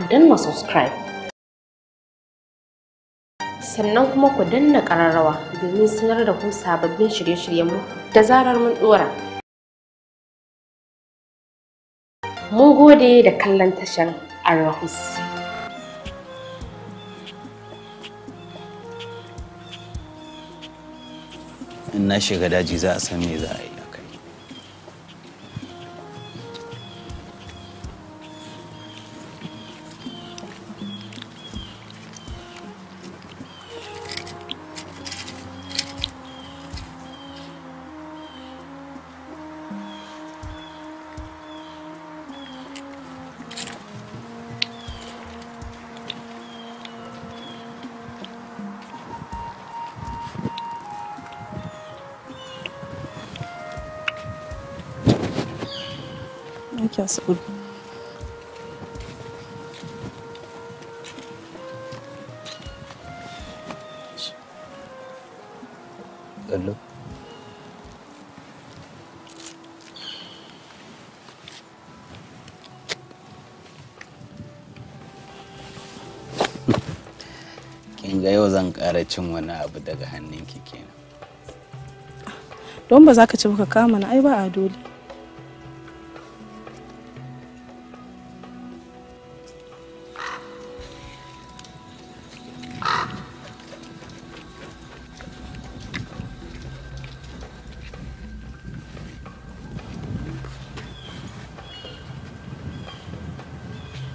ku danna subscribe sannan kuma ku danna kararrawa domin sanar da ku sababbin shirye-shiryenmu da zarar mun ɗora. Mun gode da kallon tashar Arahus. In na shiga daji za a san me za a yi. masu gudu Kin ga yau zan ƙara cin wani abu daga hannunki kenan. Don ba za ka ci baka kama na ai ba a dole.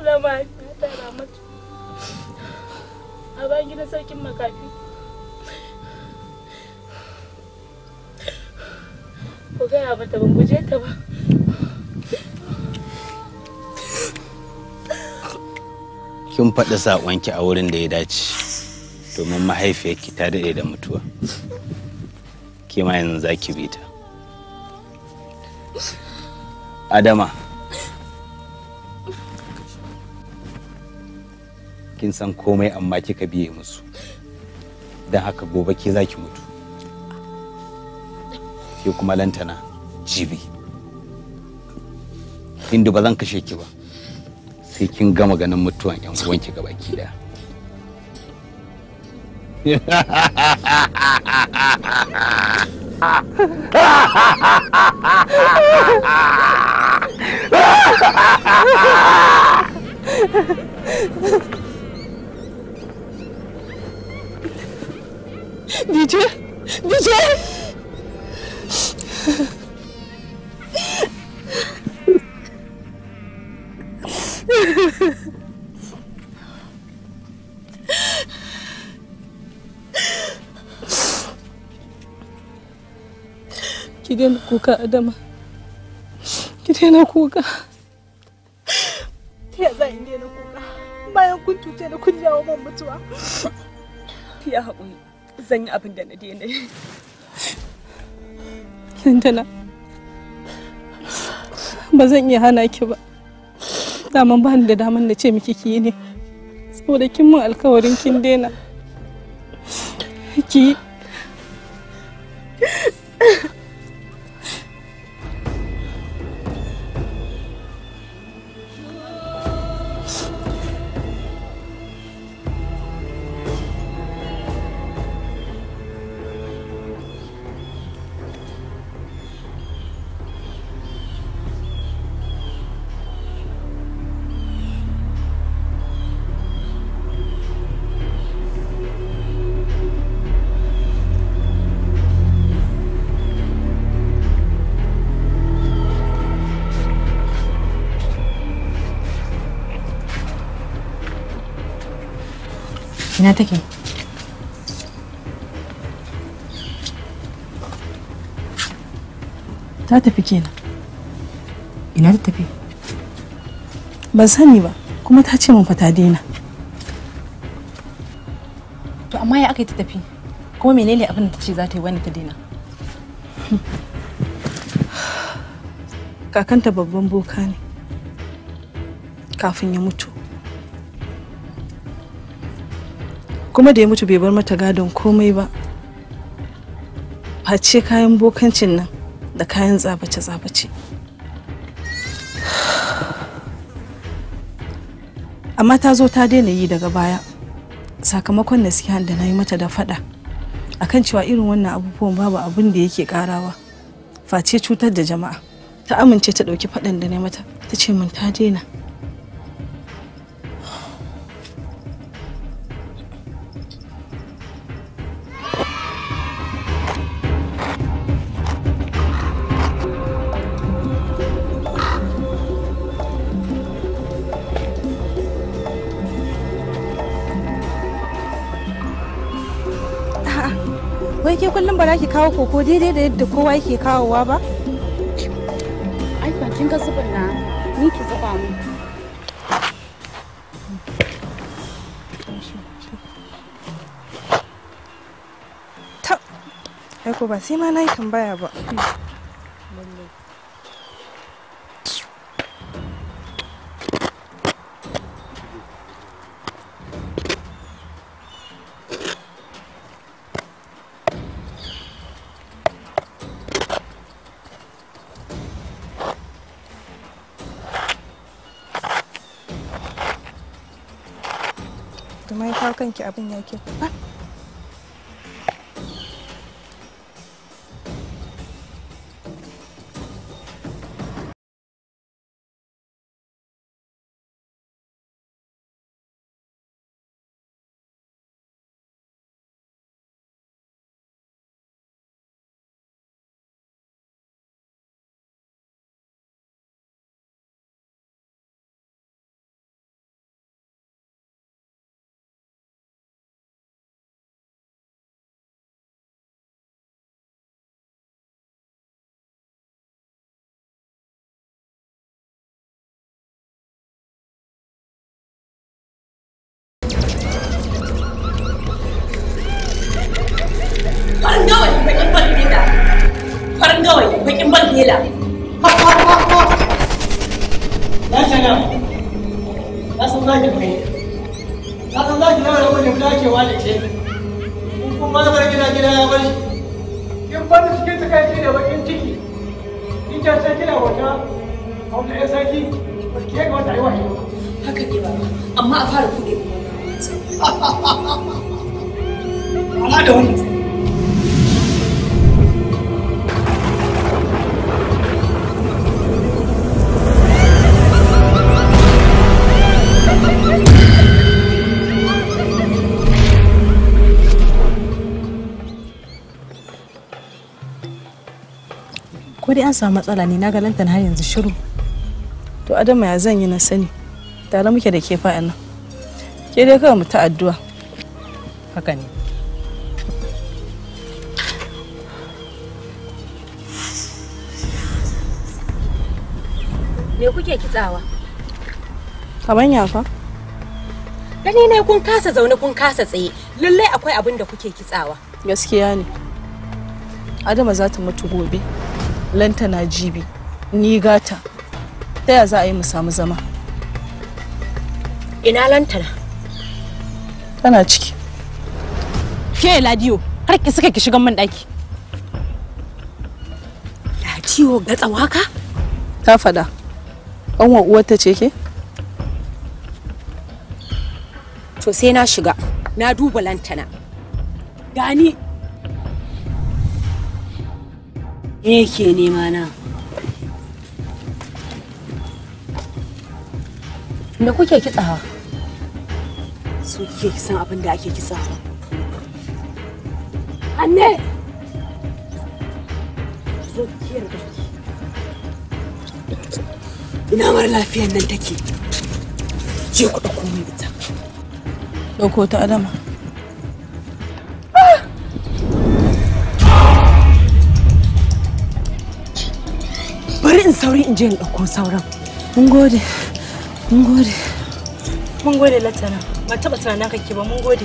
Allah mahaifiyata Ramatu a bayan gidan sarkin makafi ku gaya mata ban guje ta ba kin faɗi saƙonki a wurin da ya dace domin mahaifiyarki ta daɗe da mutuwa ke ma yanzu za ki bi ta adama kin san komai amma kika biye musu don haka gobe ke za ki mutu ke kuma lantana jibi inda ba kashe ki ba sai kin gama ganin mutuwan yan uwanki gaba ki da Ha Dije, Dije. Gidan kuka Kita nak kuka. zan yi abin da na daina yi ba zan iya hana ki ba daman ba ni da daman na ce miki ki ne saboda kin mun alkawarin kin daina ki Ina take? Ta tafi kenan. Ina ta tafi? Ban sani ba, kuma ta ce min fa ta daina. To amma ya aka yi ta tafi? Kuma menene abin da ta ce za ta yi wani ta daina? Kakanta babban boka ne. Kafin ya mutu. kuma da ya mutu bai bar mata gadon komai ba face kayan bokancin nan da kayan tsabace-tsabace amma ta zo ta daina yi daga baya sakamakon nasihan da na yi mata da fada akan cewa irin wannan abubuwan babu abin da yake karawa face cutar da jama'a ta amince ta ɗauki faɗan da na mata ta ce min ta daina kullum ba za ki kawo koko daidai da yadda kowa yake kawowa ba Aiko ba sai ma na yi tambaya ba kanki abin yake farin gawayi bakin balbela farin gawayi bakin balbela ya shana ya san zaki mai ya san zaki zama da wajen dakewa da ke kun ba zama gida gida ya bar shi kin bani cikin takaici da bakin ciki kin ce sai kina wata wata ya saki ba ki ga wata aiwa haka ne ba amma a fara kuɗe mu wani wata ana da wani dai an samu matsala ne na ga lantan har yanzu shiru to adama ya zan yi na sani tare muke da ke fa'a nan ke dai kawai mu ta addu'a haka ne me kuke kitsawa kaman ya fa gani ne kun kasa zaune kun kasa tsaye lallai akwai abin da kuke kitsawa gaskiya ne adama za ta mutu gobe lantana jibi ni gata ta ya za a yi mu samu zama ina lantana tana ciki ke ladiyo har ki suka ki shigan man daki ladiyo ga tsawaka ta fada uwar uwarta ce ke to sai na shiga na duba lantana gani Me yake nema na? Da kuke kitsawa? Su kike kisan abin da ake kitsawa. Anne! Zo kiyar da Ina mara lafiyar nan take. Je ku ɗauko mai ita. Ɗauko ta Adama. sauri in je in ɗauko sauran. Mun gode, mun gode. Mun gode Latana, ba taɓa tunanin kake ba mun gode.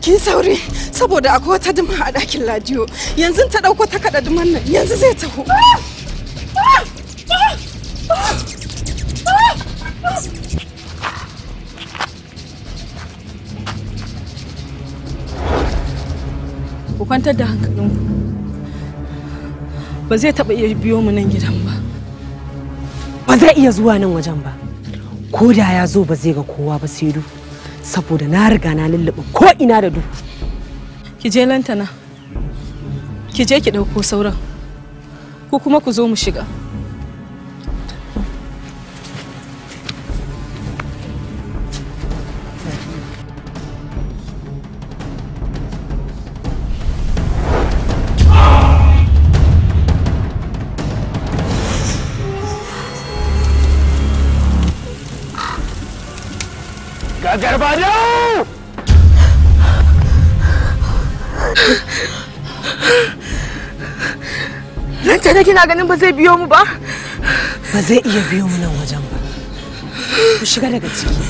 Kin sauri saboda akwai wata duma a ɗakin ladiyo yanzu ta ɗauko ta kaɗa duman nan yanzu zai taho. Ku kwantar da hankalinku. ba zai taɓa iya biyo mu nan gidan ba ba zai iya zuwa nan wajen ba ko da ya zo ba zai ga kowa ba sai du saboda na riga na lullube ko ina da du ki je lantana ki je ki ɗauko sauran ko kuma ku zo mu shiga da kina ganin ba zai biyo mu ba? Ba zai iya biyo mu nan wajen ba. Ku shiga daga ciki.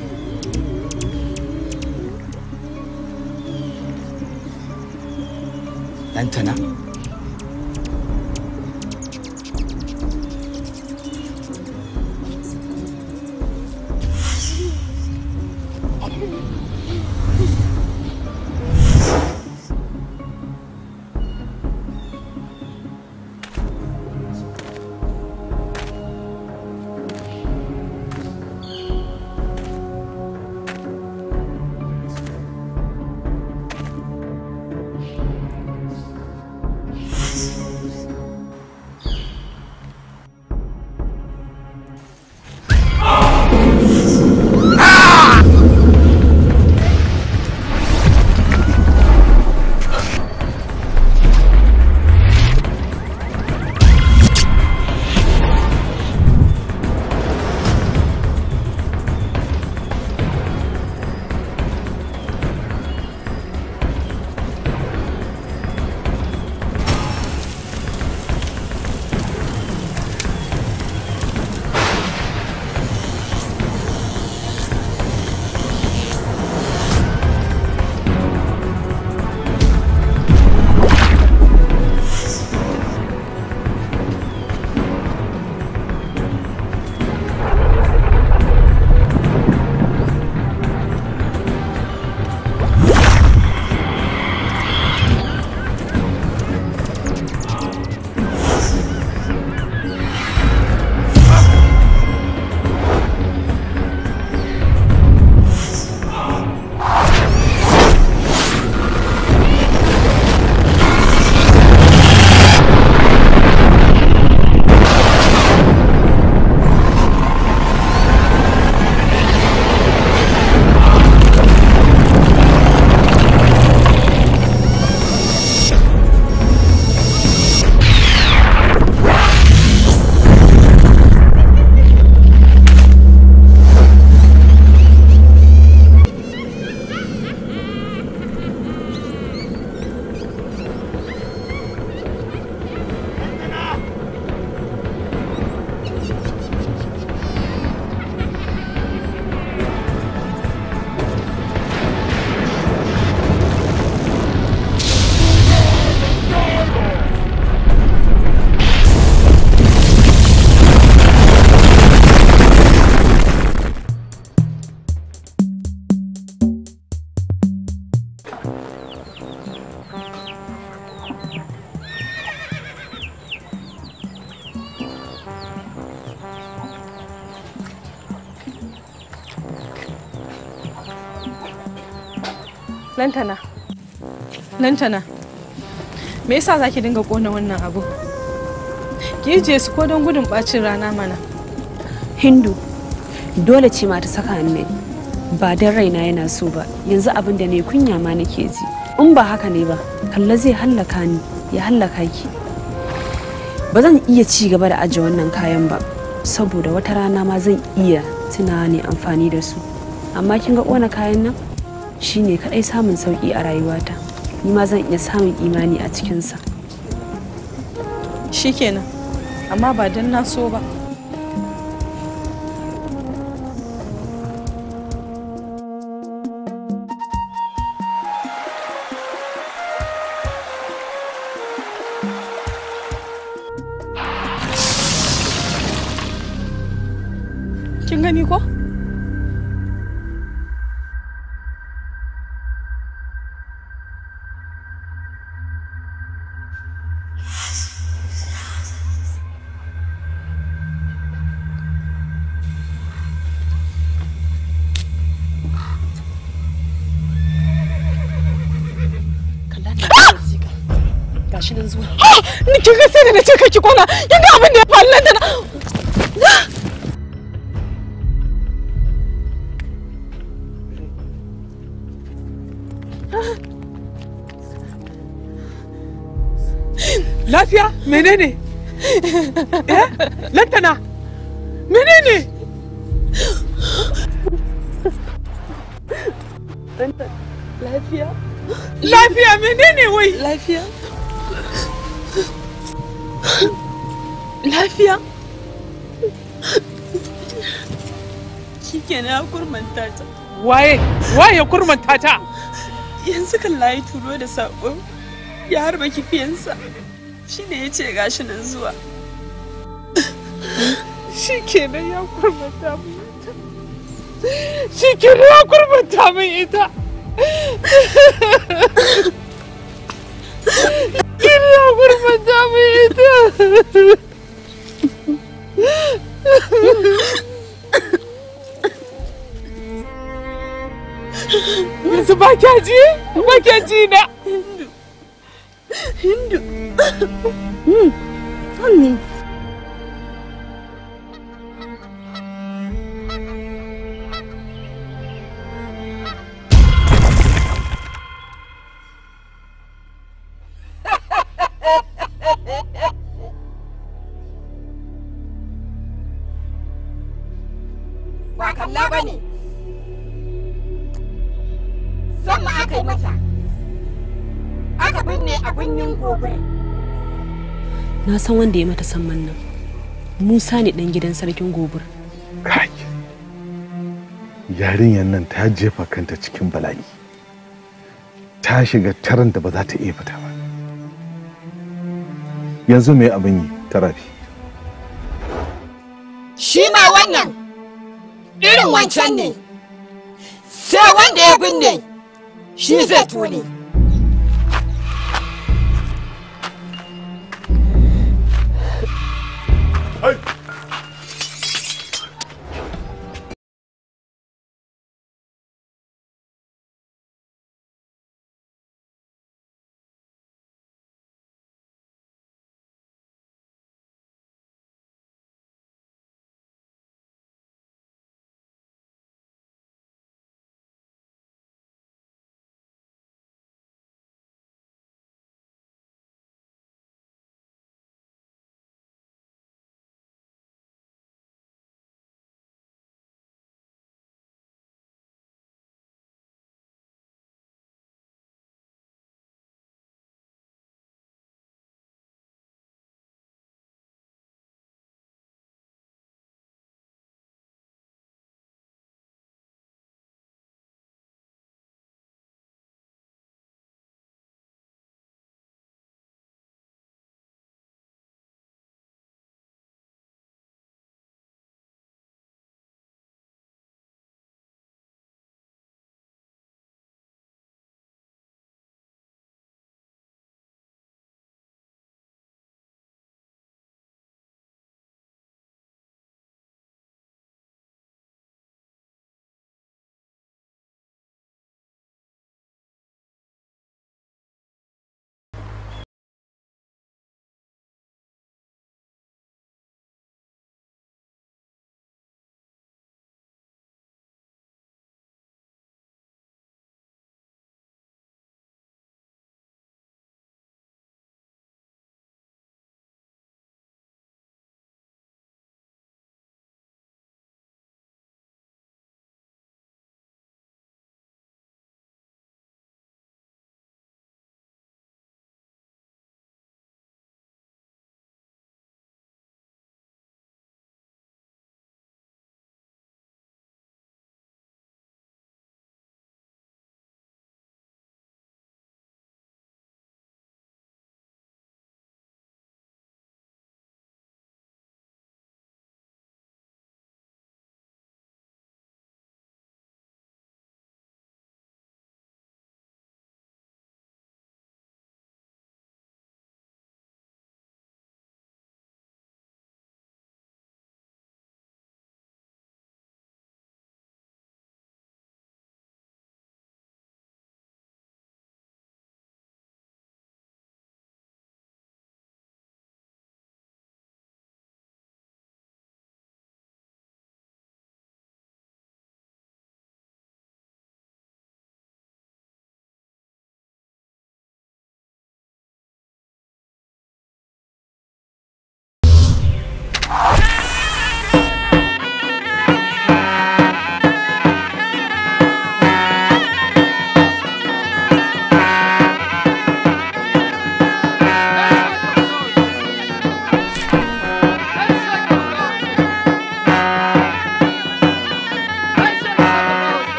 Lantana. Lantana. Me yasa zaki dinga kona wannan abu? Ki je su ko don gudun bacin rana mana. Hindu, dole ce ma ta saka ni ba don raina yana so ba yanzu abin da ne kunya ma nake ji in ba haka ne ba kalla zai hallaka ni ya hallaka ki ba zan iya ci gaba da ajiye wannan kayan ba saboda wata rana ma zan iya tunani amfani da su amma kin ga kona kayan nan shi ne kaɗai samun sauƙi a rayuwata ni ma zan iya samun imani a cikinsa shikenan amma ba don na so ba gashi nan zuwa ni kin ga sai da nace kake kona kin ga abin da ya faru nan da Lafiya menene? Eh? Lantana menene? Lafiya? Lafiya menene wai? Lafiya? lafiya shikenan ya kurmanta ta waye waye ya kurmanta ta yanzu kan layi turo da sako ya harba kifiyansa shi ne ya ce gashi nan zuwa shi ya kurmanta mun ya kurmanta ita ita yanzu ba kya ji ba kya ji na hindu hindu hmm. kunyin na san wanda ya mata san nan musa ne dan gidan sarkin gobir kai yarinyar nan ta jefa kanta cikin bala'i ta shiga taran da ba za ta iya fita ba yanzu mai abin yi tarafi shi ma wannan irin wancan ne sai wanda ya binne shi zai tuni. 아